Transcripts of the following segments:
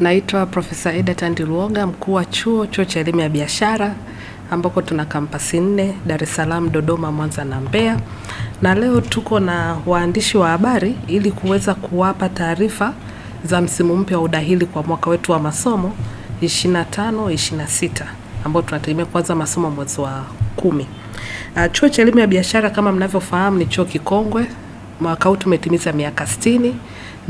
Naitwa Profesa Eda Tandilwoga, mkuu wa chuo chuo cha elimu ya biashara ambako tuna kampasi nne: Dar es Salaam, Dodoma, Mwanza na Mbeya. Na leo tuko na waandishi wa habari ili kuweza kuwapa taarifa za msimu mpya wa udahili kwa mwaka wetu wa masomo 25 26 ambao tunategemea kuanza masomo mwezi wa kumi. Uh, chuo cha elimu ya biashara kama mnavyofahamu ni chuo kikongwe. Mwaka huu tumetimiza miaka sitini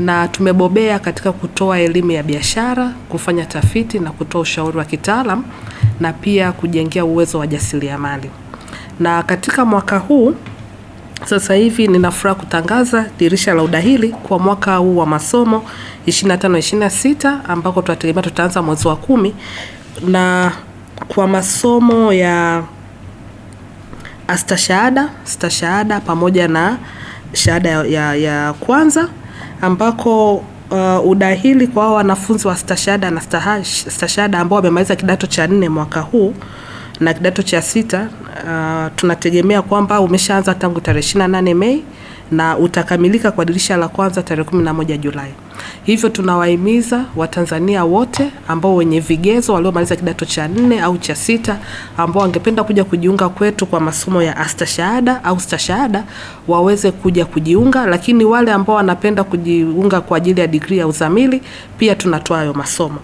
na tumebobea katika kutoa elimu ya biashara, kufanya tafiti na kutoa ushauri wa kitaalam na pia kujengea uwezo wa jasiriamali. Na katika mwaka huu sasa hivi nina furaha kutangaza dirisha la udahili kwa mwaka huu wa masomo 25 26 ambako tunategemea tutaanza mwezi wa kumi na kwa masomo ya astashahada, stashahada pamoja na shahada ya, ya kwanza ambako Uh, udahili kwa wanafunzi wa stashada na stahash, stashada ambao wamemaliza kidato cha nne mwaka huu na kidato cha sita uh, tunategemea kwamba umeshaanza tangu tarehe 28 Mei na utakamilika kwa dirisha la kwanza tarehe 11 Julai. Hivyo tunawahimiza Watanzania wote ambao wenye vigezo waliomaliza kidato cha nne au cha sita ambao wangependa kuja kujiunga kwetu kwa masomo ya astashahada au stashahada waweze kuja kujiunga, lakini wale ambao wanapenda kujiunga kwa ajili ya digrii ya uzamili pia tunatoa hayo masomo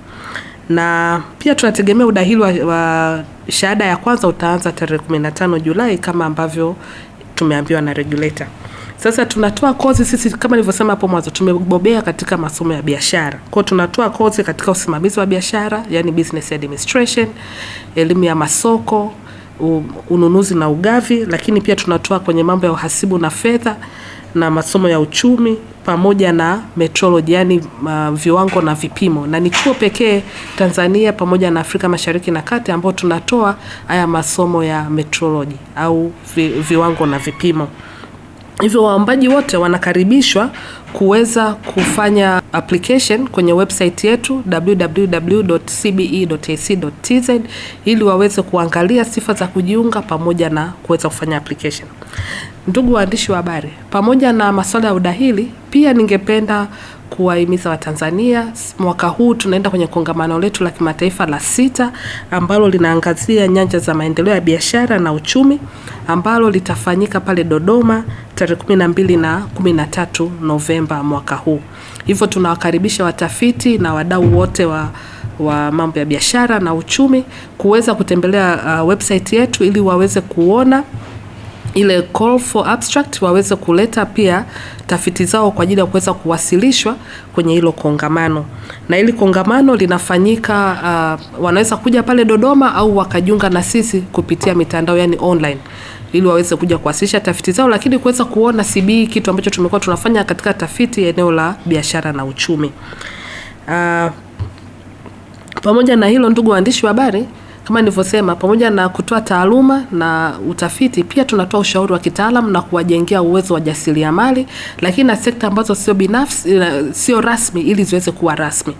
na pia tunategemea udahili wa, wa shahada ya kwanza utaanza tarehe 15 Julai kama ambavyo tumeambiwa na regulator. Sasa tunatoa kozi sisi, kama nilivyosema hapo mwanzo, tumebobea katika masomo ya biashara, kwa tunatoa kozi katika usimamizi wa biashara, yani business administration, elimu ya masoko, ununuzi na ugavi, lakini pia tunatoa kwenye mambo ya uhasibu na fedha na masomo ya uchumi pamoja na metrology yani uh, viwango na vipimo, na ni chuo pekee Tanzania pamoja na Afrika Mashariki na Kati ambao tunatoa haya masomo ya metrology au vi, viwango na vipimo. Hivyo waombaji wote wanakaribishwa kuweza kufanya application kwenye website yetu www.cbe.ac.tz ili waweze kuangalia sifa za kujiunga pamoja na kuweza kufanya application. Ndugu waandishi wa habari, pamoja na masuala ya udahili, pia ningependa kuwahimiza Watanzania. Mwaka huu tunaenda kwenye kongamano letu la kimataifa la sita ambalo linaangazia nyanja za maendeleo ya biashara na uchumi ambalo litafanyika pale Dodoma tarehe 12 na 13 Novemba mwaka huu. Hivyo tunawakaribisha watafiti na wadau wote wa wa mambo ya biashara na uchumi kuweza kutembelea uh, website yetu ili waweze kuona ile call for abstract waweze kuleta pia tafiti zao kwa ajili ya kuweza kuwasilishwa kwenye hilo kongamano, na hili kongamano linafanyika uh, wanaweza kuja pale Dodoma au wakajiunga na sisi kupitia mitandao yani online ili waweze kuja kuwasilisha tafiti zao, lakini kuweza kuona sibi e kitu ambacho tumekuwa tunafanya katika tafiti ya eneo la biashara na uchumi. Uh, pamoja na hilo, ndugu waandishi wa habari, kama nilivyosema, pamoja na kutoa taaluma na utafiti, pia tunatoa ushauri wa kitaalamu na kuwajengea uwezo wa jasiriamali, lakini na sekta ambazo sio binafsi, eh, sio rasmi ili ziweze kuwa rasmi.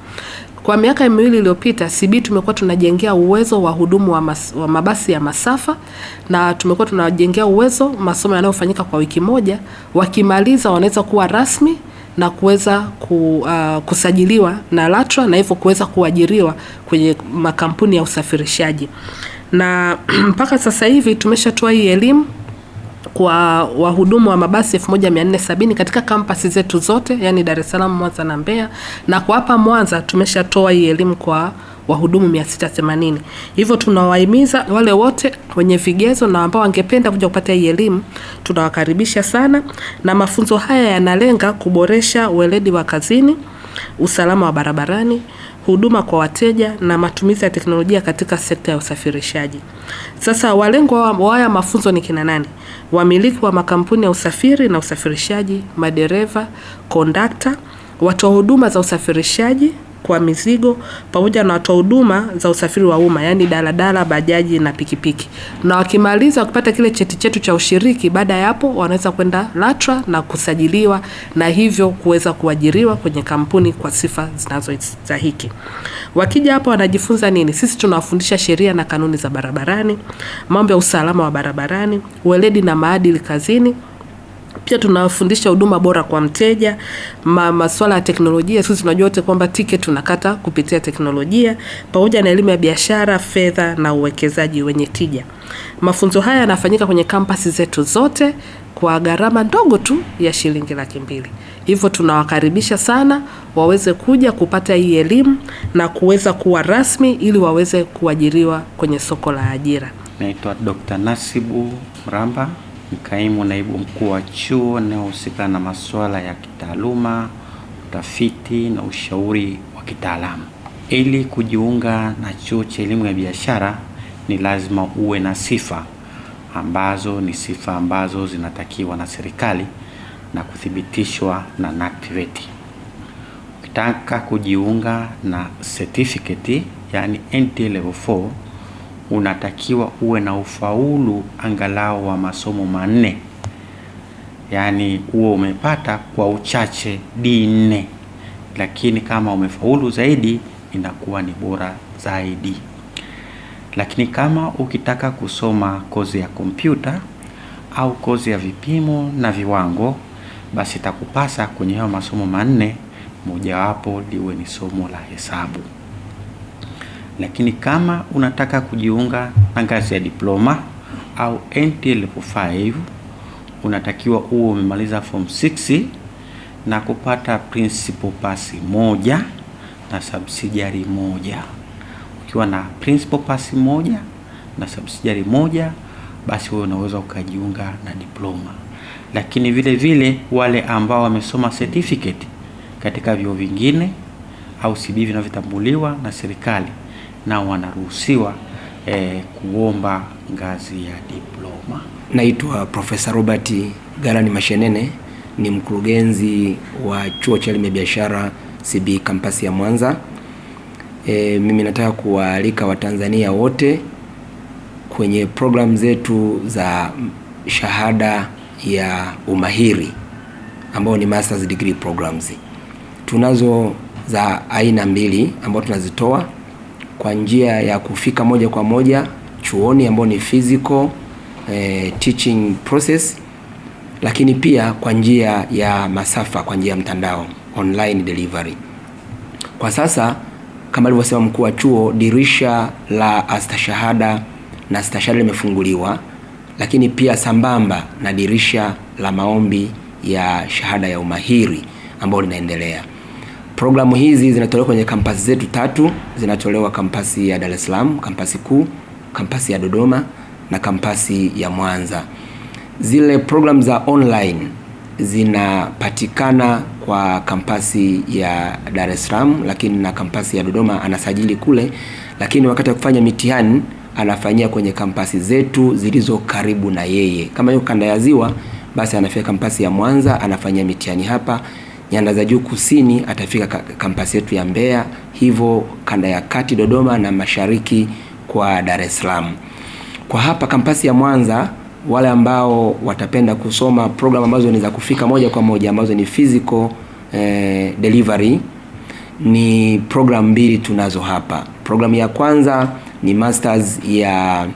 Kwa miaka miwili iliyopita, CB tumekuwa tunajengea uwezo wa hudumu wa, mas, wa mabasi ya masafa na tumekuwa tunajengea uwezo masomo yanayofanyika kwa wiki moja, wakimaliza wanaweza kuwa rasmi na kuweza ku, uh, kusajiliwa na LATRA na hivyo kuweza kuajiriwa kwenye makampuni ya usafirishaji. Na mpaka sasa hivi tumeshatoa hii elimu kwa wahudumu wa mabasi 1470 katika kampasi zetu zote, yani Dar es Salaam, Mwanza na Mbeya, na kwa hapa Mwanza tumeshatoa hii elimu kwa wahudumu 680. Hivyo tunawahimiza wale wote wenye vigezo na ambao wangependa kuja kupata hii elimu tunawakaribisha sana, na mafunzo haya yanalenga kuboresha uweledi wa kazini, usalama wa barabarani, huduma kwa wateja na matumizi ya teknolojia katika sekta ya usafirishaji. Sasa walengwa wa haya mafunzo ni kina nani? Wamiliki wa makampuni ya usafiri na usafirishaji, madereva, kondakta, watoa huduma za usafirishaji kwa mizigo pamoja na watoa huduma za usafiri wa umma yaani daladala, bajaji na pikipiki. Na wakimaliza wakipata kile cheti chetu cha ushiriki, baada ya hapo wanaweza kwenda LATRA na kusajiliwa na hivyo kuweza kuajiriwa kwenye kampuni kwa sifa zinazostahiki. Wakija hapa wanajifunza nini? Sisi tunawafundisha sheria na kanuni za barabarani, mambo ya usalama wa barabarani, weledi na maadili kazini pia tunafundisha huduma bora kwa mteja, maswala ya teknolojia. Sisi tunajua wote kwamba tiketi tunakata kupitia teknolojia, pamoja na elimu ya biashara, fedha na uwekezaji wenye tija. Mafunzo haya yanafanyika kwenye kampasi zetu zote kwa gharama ndogo tu ya shilingi laki mbili. Hivyo tunawakaribisha sana waweze kuja kupata hii elimu na kuweza kuwa rasmi ili waweze kuajiriwa kwenye soko la ajira. Naitwa Dr. Nasibu Mramba mkaimu naibu mkuu wa chuo anayehusika na masuala ya kitaaluma, utafiti na ushauri wa kitaalamu. Ili kujiunga na chuo cha elimu ya biashara ni lazima uwe na sifa ambazo ni sifa ambazo zinatakiwa na serikali na kuthibitishwa na NACTVET. E Ukitaka kujiunga na certificate yani NT level 4 unatakiwa uwe na ufaulu angalau wa masomo manne, yaani huo umepata kwa uchache D4, lakini kama umefaulu zaidi inakuwa ni bora zaidi. Lakini kama ukitaka kusoma kozi ya kompyuta au kozi ya vipimo na viwango, basi itakupasa kwenye hayo masomo manne mojawapo liwe ni somo la hesabu lakini kama unataka kujiunga na ngazi ya diploma au NTL e 5 unatakiwa uwe umemaliza form 6 na kupata principal pasi moja na subsidiary moja. Ukiwa na principal pasi moja na subsidiary moja, basi wewe unaweza ukajiunga na diploma. Lakini vile vile wale ambao wamesoma certificate katika vyuo vingine au CB vinavyotambuliwa na serikali na wanaruhusiwa eh, kuomba ngazi ya diploma. Naitwa Profesa Robert Galani Mashenene, ni mkurugenzi wa chuo cha elimu ya biashara CB kampasi ya Mwanza. E, mimi nataka kuwaalika Watanzania wote kwenye programu zetu za shahada ya umahiri ambao ni masters degree programs. Tunazo za aina mbili ambao tunazitoa kwa njia ya kufika moja kwa moja chuoni ambao ni physical eh, teaching process, lakini pia kwa njia ya masafa, kwa njia ya mtandao online delivery. Kwa sasa kama alivyosema mkuu wa chuo, dirisha la astashahada na astashahada limefunguliwa, lakini pia sambamba na dirisha la maombi ya shahada ya umahiri ambao linaendelea. Programu hizi zinatolewa kwenye kampasi zetu tatu, zinatolewa kampasi ya Dar es Salaam, kampasi kuu, kampasi ya Dodoma na kampasi ya Mwanza. Zile programu za online zinapatikana kwa kampasi ya Dar es Salaam, lakini na kampasi ya Dodoma anasajili kule, lakini wakati wa kufanya mitihani anafanyia kwenye kampasi zetu zilizo karibu na yeye. Kama yuko kanda ya Ziwa, basi anafika kampasi ya Mwanza anafanyia mitihani hapa nyanda za juu kusini atafika kampasi yetu ya Mbeya, hivyo kanda ya kati Dodoma, na mashariki kwa Dar es Salaam. Kwa hapa kampasi ya Mwanza, wale ambao watapenda kusoma program ambazo ni za kufika moja kwa moja ambazo ni physical eh, delivery ni program mbili tunazo hapa. Program ya kwanza ni masters ya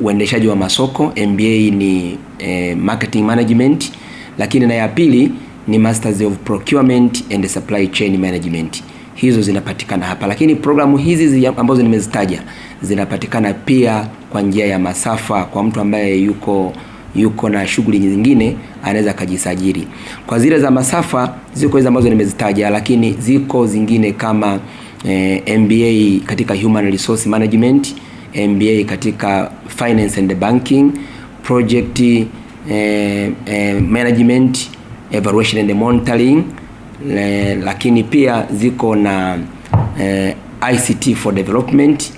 uendeshaji wa masoko MBA ni eh, marketing management, lakini na ya pili ni Masters of Procurement and Supply Chain Management. Hizo zinapatikana hapa, lakini programu hizi ambazo nimezitaja zinapatikana pia kwa njia ya masafa. Kwa mtu ambaye yuko yuko na shughuli nyingine anaweza akajisajili kwa zile za masafa. Ziko hizo ambazo nimezitaja, lakini ziko zingine kama eh, MBA katika Human Resource Management, MBA katika Finance and Banking, Project eh, eh, Management evaluation and monitoring le, lakini pia ziko na eh, ICT for development.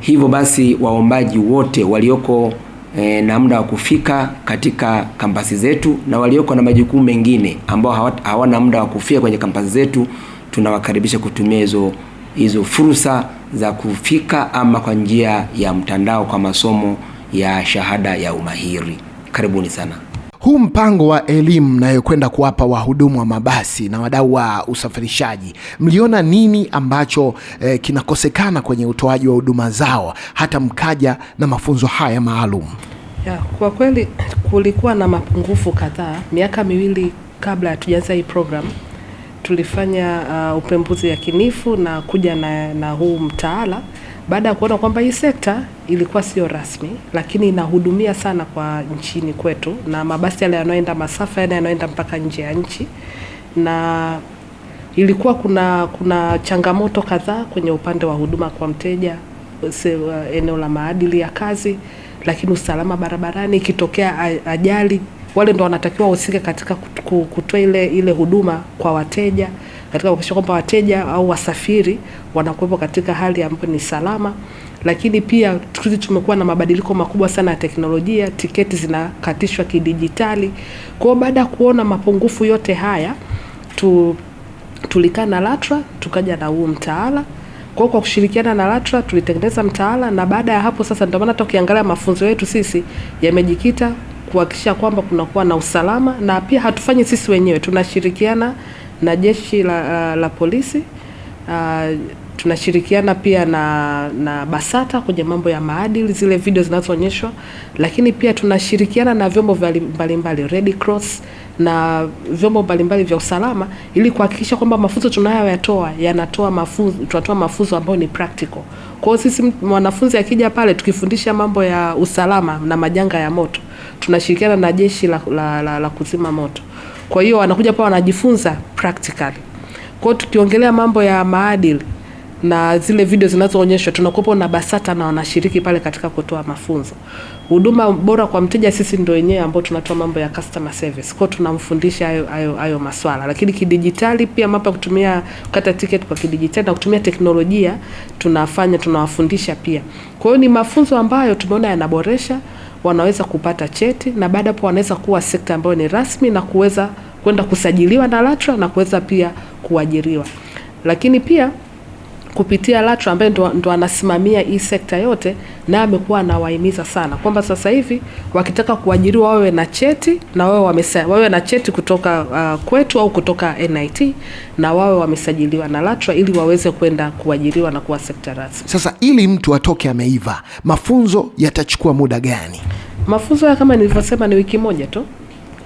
Hivyo basi waombaji wote walioko e, na muda wa kufika katika kampasi zetu na walioko na majukumu mengine ambao hawana muda wa kufika kwenye kampasi zetu, tunawakaribisha kutumia hizo hizo fursa za kufika ama kwa njia ya mtandao kwa masomo ya shahada ya umahiri. Karibuni sana. Huu mpango wa elimu nayokwenda kuwapa wahudumu wa mabasi na wadau wa usafirishaji, mliona nini ambacho eh, kinakosekana kwenye utoaji wa huduma zao hata mkaja na mafunzo haya maalum? Ya, kwa kweli kulikuwa na mapungufu kadhaa. Miaka miwili kabla hatujaanza hii program tulifanya uh, upembuzi yakinifu na kuja na, na huu mtaala baada ya kuona kwamba hii sekta ilikuwa sio rasmi, lakini inahudumia sana kwa nchini kwetu, na mabasi yale yanayoenda masafa yale yanayoenda mpaka nje ya nchi, na ilikuwa kuna kuna changamoto kadhaa kwenye upande wa huduma kwa mteja, eneo la maadili ya kazi, lakini usalama barabarani, ikitokea ajali, wale ndo wanatakiwa wahusike katika kutoa ile ile huduma kwa wateja katika kuhakikisha kwamba wateja au wasafiri wanakuwepo katika hali ambayo ni salama. Lakini pia tukizi, tumekuwa na mabadiliko makubwa sana ya teknolojia, tiketi zinakatishwa kidijitali. Kwa hiyo baada ya kuona mapungufu yote haya tu, tulikaa na LATRA tukaja na huu mtaala kwa kwa kushirikiana na LATRA tulitengeneza mtaala, na baada ya hapo sasa, ndio maana hata ukiangalia mafunzo yetu sisi yamejikita kuhakikisha kwamba kunakuwa na usalama, na pia hatufanyi sisi wenyewe, tunashirikiana na jeshi la, la, uh, la polisi uh, tunashirikiana pia na, na BASATA kwenye mambo ya maadili, zile video zinazoonyeshwa, lakini pia tunashirikiana na vyombo mbalimbali Red Cross na vyombo mbalimbali vya usalama ili kuhakikisha kwamba mafunzo tunayoyatoa yanatoa mafunzo, tunatoa mafunzo ambayo ni practical. Kwa hiyo sisi mwanafunzi akija pale tukifundisha mambo ya usalama na majanga ya moto tunashirikiana na jeshi la, la, la, la kuzima moto. Kwa hiyo wanakuja pa wanajifunza practically. Kwa hiyo tukiongelea mambo ya maadili na zile video zinazoonyeshwa tunakuwepo na BASATA na wanashiriki pale katika kutoa mafunzo. Huduma bora kwa mteja, sisi ndio wenyewe ambao tunatoa mambo ya customer service. Kwa tunamfundisha hayo hayo hayo maswala, lakini kidijitali pia mapa kutumia kata ticket kwa kidijitali na kutumia teknolojia tunafanya tunawafundisha pia. Kwa hiyo ni mafunzo ambayo tumeona yanaboresha wanaweza kupata cheti na baada hapo wanaweza kuwa sekta ambayo ni rasmi na kuweza kwenda kusajiliwa na LATRA na kuweza pia kuajiriwa, lakini pia kupitia LATRA ambaye ndo, ndo anasimamia hii sekta yote, naye amekuwa anawahimiza sana kwamba sasa hivi wakitaka kuajiriwa wawe na cheti na wawe wamesa, wawe na cheti kutoka uh, kwetu au kutoka NIT na wawe wamesajiliwa na LATRA ili waweze kwenda kuajiriwa na kuwa sekta rasmi. Sasa ili mtu atoke ameiva, mafunzo yatachukua muda gani? Mafunzo haya kama nilivyosema ni wiki moja tu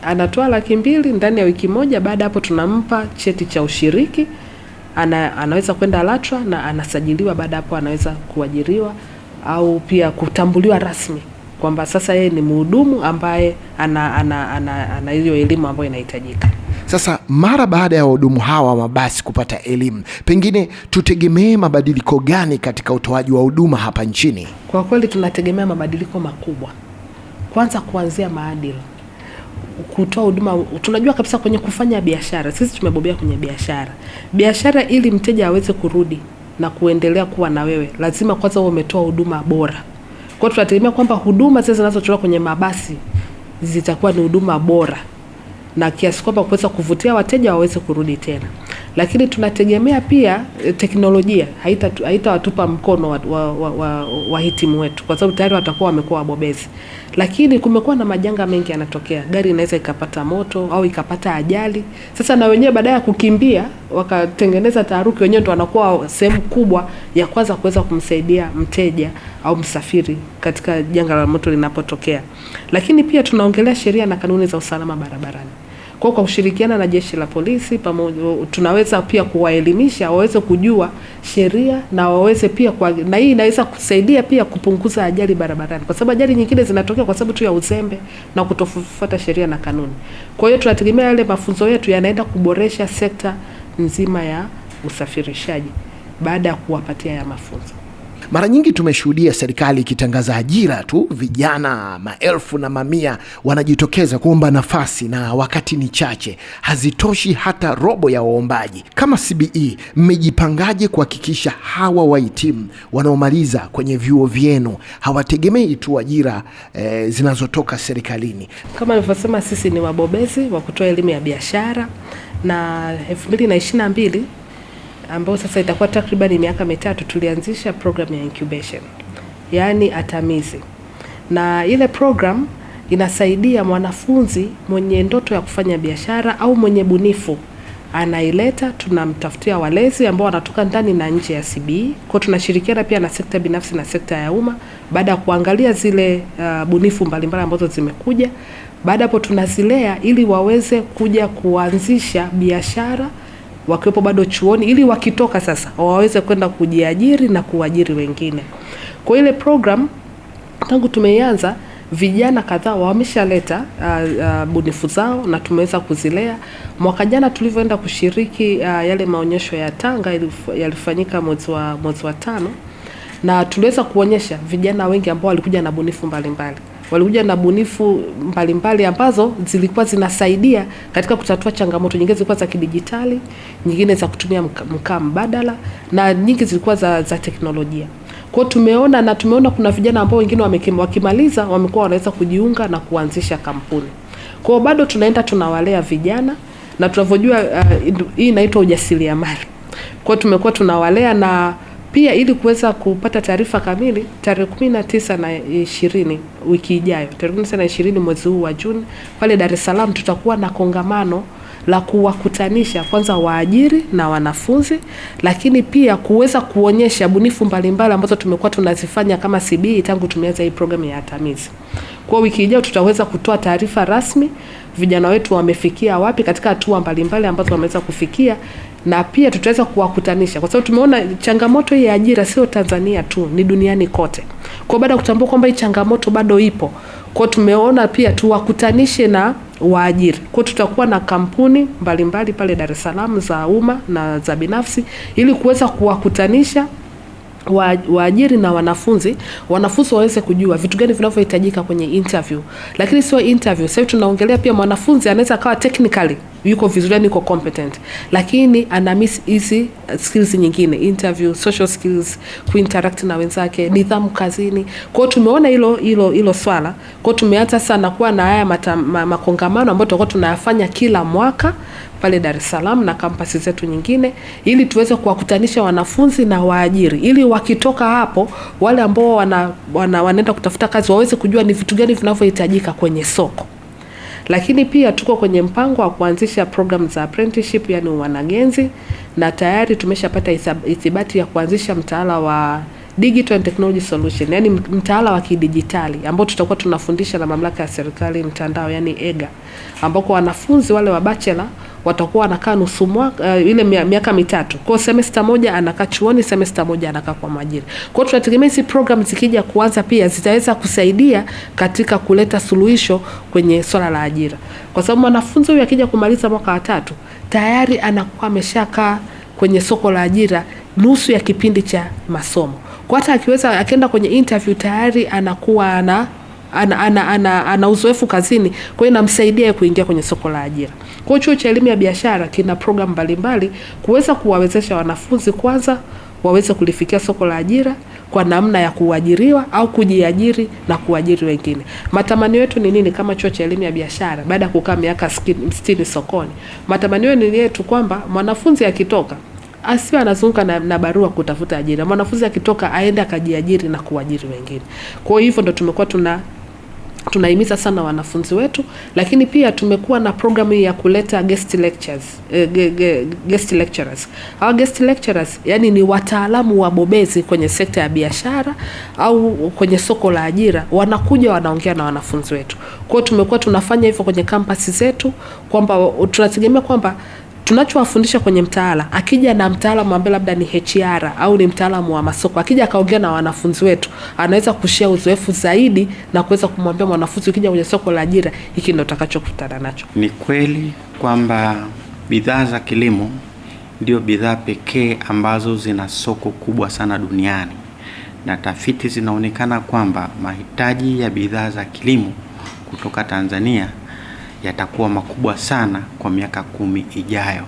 anatoa laki mbili ndani ya wiki moja. Baada ya hapo tunampa cheti cha ushiriki ana, anaweza kwenda LATRA na anasajiliwa. Baada hapo anaweza kuajiriwa au pia kutambuliwa rasmi kwamba sasa yeye ni mhudumu ambaye ana, ana, ana, ana hiyo elimu ambayo inahitajika. Sasa mara baada ya wahudumu hawa mabasi kupata elimu, pengine tutegemee mabadiliko gani katika utoaji wa huduma hapa nchini? Kwa kweli tunategemea mabadiliko makubwa, kwanza kuanzia maadili kutoa huduma. Tunajua kabisa kwenye kufanya biashara, sisi tumebobea kwenye biashara. Biashara ili mteja aweze kurudi na kuendelea kuwa na wewe, lazima kwanza uwe umetoa huduma bora. Kwa hiyo tunategemea kwamba huduma zile zinazotolewa kwenye mabasi zitakuwa ni huduma bora na kiasi kwamba kuweza kuvutia wateja waweze kurudi tena lakini tunategemea pia eh, teknolojia haitawatupa haita mkono wahitimu wa, wa, wa wetu, kwa sababu tayari watakuwa wamekuwa wabobezi. Lakini kumekuwa na majanga mengi yanatokea, gari inaweza ikapata moto au ikapata ajali. Sasa na wenyewe baadaye ya kukimbia wakatengeneza taharuki, wenyewe ndo wanakuwa sehemu kubwa ya kwanza kuweza kumsaidia mteja au msafiri katika janga la moto linapotokea. Lakini pia tunaongelea sheria na kanuni za usalama barabarani. Kwa kwa kushirikiana na jeshi la polisi pamoja, tunaweza pia kuwaelimisha waweze kujua sheria na waweze pia kwa, na hii inaweza kusaidia pia kupunguza ajali barabarani, kwa sababu ajali nyingine zinatokea kwa sababu tu ya uzembe na kutofuata sheria na kanuni. Kwa hiyo tunategemea yale mafunzo yetu yanaenda kuboresha sekta nzima ya usafirishaji baada ya kuwapatia ya mafunzo. Mara nyingi tumeshuhudia serikali ikitangaza ajira tu, vijana maelfu na mamia wanajitokeza kuomba nafasi, na wakati ni chache, hazitoshi hata robo ya waombaji. Kama CBE, mmejipangaje kuhakikisha hawa wahitimu wanaomaliza kwenye vyuo vyenu hawategemei tu ajira e, zinazotoka serikalini? Kama alivyosema, sisi ni wabobezi wa kutoa elimu ya biashara na 2022 ambayo sasa itakuwa takriban miaka mitatu, tulianzisha program ya incubation, yaani atamizi, na ile program inasaidia mwanafunzi mwenye ndoto ya kufanya biashara au mwenye bunifu anaileta, tunamtafutia walezi ambao wanatoka ndani na nje ya CBE. Kwa tunashirikiana pia na sekta binafsi na sekta ya umma, baada ya kuangalia zile uh, bunifu mbalimbali ambazo zimekuja. Baada hapo tunazilea ili waweze kuja kuanzisha biashara wakiwepo bado chuoni, ili wakitoka sasa waweze kwenda kujiajiri na kuajiri wengine. Kwa ile program tangu tumeianza vijana kadhaa wameshaleta uh, uh, bunifu zao na tumeweza kuzilea. Mwaka jana tulivyoenda kushiriki uh, yale maonyesho ya Tanga yalifanyika mwezi wa mwezi wa tano, na tuliweza kuonyesha vijana wengi ambao walikuja na bunifu mbalimbali mbali walikuja na bunifu mbalimbali ambazo zilikuwa zinasaidia katika kutatua changamoto. Nyingine zilikuwa za kidijitali, nyingine za kutumia mkaa mbadala, na nyingi zilikuwa za, za teknolojia. Kwa tumeona na tumeona kuna vijana ambao wengine wakimaliza wamekuwa wanaweza kujiunga na kuanzisha kampuni. Kwa bado tunaenda tunawalea vijana na tunavyojua, uh, hii inaitwa ujasiriamali. Kwa tumekuwa tunawalea na pia ili kuweza kupata taarifa kamili, tarehe kumi na tisa na ishirini wiki ijayo, tarehe kumi na tisa na ishirini mwezi huu wa Juni, pale Dar es Salaam tutakuwa na kongamano la kuwakutanisha kwanza waajiri na wanafunzi, lakini pia kuweza kuonyesha bunifu mbalimbali ambazo tumekuwa tunazifanya kama CBE tangu tumeanza hii programu ya atamizi. Kwa wiki ijayo tutaweza kutoa taarifa rasmi, vijana wetu wamefikia wapi katika hatua mbalimbali ambazo wameweza kufikia na pia tutaweza kuwakutanisha, kwa sababu tumeona changamoto ya ajira sio Tanzania tu, ni duniani kote. Kwa baada ya kutambua kwamba hii changamoto bado ipo, kwa tumeona pia tuwakutanishe na waajiri. Kwa tutakuwa na kampuni mbalimbali pale Dar es Salaam za umma na za binafsi ili kuweza kuwakutanisha wa, waajiri na wanafunzi, wanafunzi waweze kujua vitu gani vinavyohitajika kwenye interview. Lakini sio interview, sasa tunaongelea pia mwanafunzi anaweza akawa technically yuko vizuri, niko competent, lakini ana miss hizi uh, skills nyingine, interview, social skills, kuinteract na wenzake, nidhamu kazini. kwao tumeona hilo hilo hilo swala, kwao hiyo tumeanza sana kuwa na haya ma, makongamano ambayo tutakuwa tunayafanya kila mwaka pale Dar es Salaam na kampasi zetu nyingine, ili tuweze kuwakutanisha wanafunzi na waajiri, ili wakitoka hapo wale ambao wana, wana, wanaenda kutafuta kazi waweze kujua ni vitu gani vinavyohitajika kwenye soko. Lakini pia tuko kwenye mpango wa kuanzisha program za apprenticeship, yani wanagenzi, na tayari tumeshapata ithibati ya kuanzisha mtaala wa digital and technology solution, yani mtaala wa kidijitali ambao tutakuwa tunafundisha na mamlaka ya serikali mtandao, yani EGA, ambako wanafunzi wale wa bachelor watakuwa wanakaa nusu mwaka uh, ile miaka mitatu. Kwa semester moja anakaa chuoni, semester moja anakaa kwa majira. Kwa hiyo tunategemea hizi program zikija kuanza pia zitaweza kusaidia katika kuleta suluhisho kwenye swala la ajira, kwa sababu mwanafunzi huyu akija kumaliza mwaka wa tatu tayari anakuwa ameshakaa kwenye soko la ajira nusu ya kipindi cha masomo. Kwa hata akiweza akienda kwenye interview tayari anakuwa ana ana, ana, ana, ana uzoefu kazini, kwa hiyo inamsaidia kuingia kwenye soko la ajira. Kwa hiyo chuo cha elimu ya biashara kina programu mbalimbali kuweza kuwawezesha wanafunzi kwanza waweze kulifikia soko la ajira kwa namna ya kuajiriwa au kujiajiri na kuajiri wengine. Matamanio yetu ni nini kama chuo cha elimu ya biashara baada ya kukaa miaka 60 sokoni? Matamanio ni yetu kwamba mwanafunzi akitoka asiwe anazunguka na, na barua kutafuta ajira. Mwanafunzi akitoka aende akajiajiri na kuajiri wengine. Kwa hivyo ndo tumekuwa tuna tunahimiza sana wanafunzi wetu, lakini pia tumekuwa na programu ya kuleta guest lectures, eh, guest lecturers. Hao guest lecturers yani ni wataalamu wabobezi kwenye sekta ya biashara au kwenye soko la ajira, wanakuja wanaongea na wanafunzi wetu. Kwa hiyo tumekuwa tunafanya hivyo kwenye kampasi zetu, kwamba tunategemea kwamba tunachowafundisha kwenye mtaala, akija na mtaalamu ambaye labda ni HR au ni mtaalamu wa masoko, akija akaongea na wanafunzi wetu, anaweza kushia uzoefu zaidi na kuweza kumwambia mwanafunzi, ukija kwenye soko la ajira, hiki ndio utakachokutana nacho. Ni kweli kwamba bidhaa za kilimo ndio bidhaa pekee ambazo zina soko kubwa sana duniani, na tafiti zinaonekana kwamba mahitaji ya bidhaa za kilimo kutoka Tanzania yatakuwa makubwa sana kwa miaka kumi ijayo,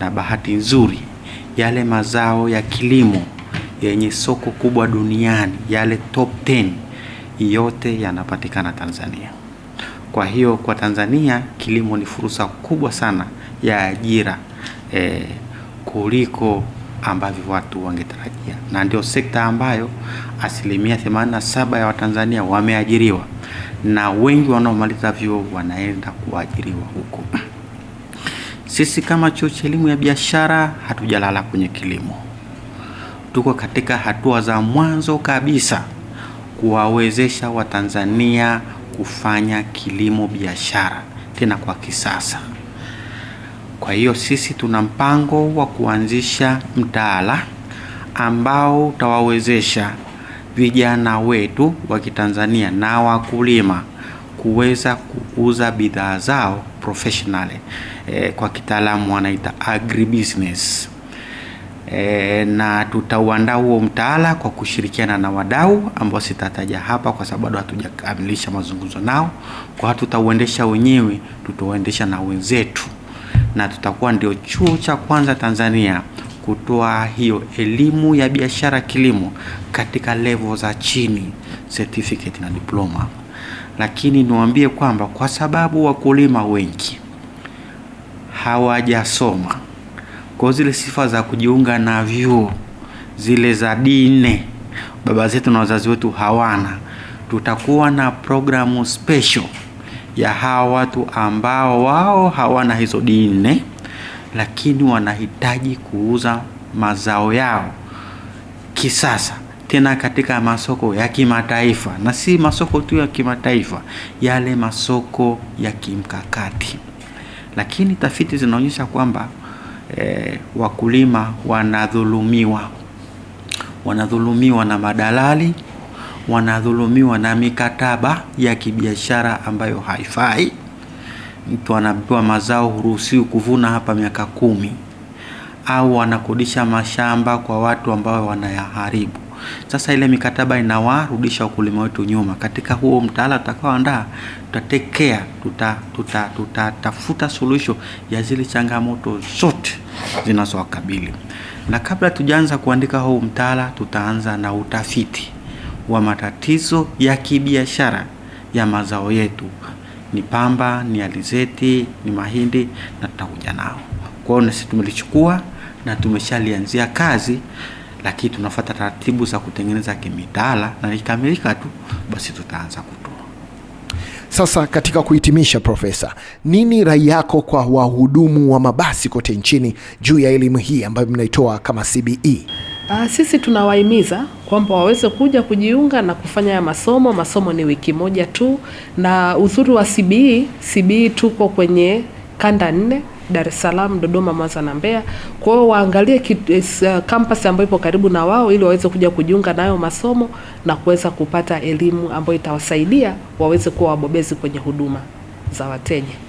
na bahati nzuri yale mazao ya kilimo yenye soko kubwa duniani yale top 10 yote yanapatikana Tanzania. Kwa hiyo kwa Tanzania kilimo ni fursa kubwa sana ya ajira eh, kuliko ambavyo watu wangetarajia, na ndio sekta ambayo asilimia 87 ya Watanzania wameajiriwa na wengi wanaomaliza vyuo wanaenda kuajiriwa huko. Sisi kama chuo cha elimu ya biashara hatujalala kwenye kilimo, tuko katika hatua za mwanzo kabisa kuwawezesha Watanzania kufanya kilimo biashara tena kwa kisasa. Kwa hiyo sisi tuna mpango wa kuanzisha mtaala ambao utawawezesha vijana wetu wa Kitanzania na wakulima kuweza kuuza bidhaa zao professionally e, kwa kitaalamu wanaita agribusiness e, na tutauandaa huo mtaala kwa kushirikiana na wadau ambao sitataja hapa kwa sababu hatujakamilisha mazungumzo nao. Kwa tutauendesha wenyewe, tutauendesha na wenzetu, na tutakuwa ndio chuo cha kwanza Tanzania kutoa hiyo elimu ya biashara kilimo katika levo za chini, certificate na diploma. Lakini niwaambie kwamba kwa sababu wakulima wengi hawajasoma, kwa zile sifa za kujiunga na vyuo zile za d baba zetu na wazazi wetu hawana, tutakuwa na programu special ya hawa watu ambao wao hawana hizo d lakini wanahitaji kuuza mazao yao kisasa tena katika masoko ya kimataifa, na si masoko tu ya kimataifa, yale masoko ya kimkakati. Lakini tafiti zinaonyesha kwamba eh, wakulima wanadhulumiwa, wanadhulumiwa na madalali, wanadhulumiwa na mikataba ya kibiashara ambayo haifai mtu anapewa mazao huruhusiwi kuvuna hapa miaka kumi, au wanakodisha mashamba kwa watu ambao wanayaharibu. Sasa ile mikataba inawarudisha wakulima wetu nyuma. Katika huo mtaala tutakaoandaa, tutatekea tuta tutatafuta tuta, tuta, suluhisho ya zile changamoto zote zinazowakabili, na kabla tujaanza kuandika huu mtaala, tutaanza na utafiti wa matatizo ya kibiashara ya mazao yetu ni pamba, ni alizeti, ni mahindi na tutakuja nao. Kwa hiyo nasi tumelichukua na tumeshalianzia kazi, lakini tunafuata taratibu za kutengeneza kimitala na nikamilika tu basi tutaanza kutoa. Sasa katika kuhitimisha, Profesa, nini rai yako kwa wahudumu wa mabasi kote nchini juu ya elimu hii ambayo mnaitoa kama CBE? Ah, sisi tunawahimiza kwamba waweze kuja kujiunga na kufanya ya masomo. Masomo ni wiki moja tu, na uzuri wa CBE, CBE tuko kwenye kanda nne Dar es Salaam, Dodoma, Mwanza na Mbeya. Kwa hiyo waangalie kampasi eh, eh, ambayo ipo karibu na wao ili waweze kuja kujiunga nayo masomo na kuweza kupata elimu ambayo itawasaidia waweze kuwa wabobezi kwenye huduma za wateja.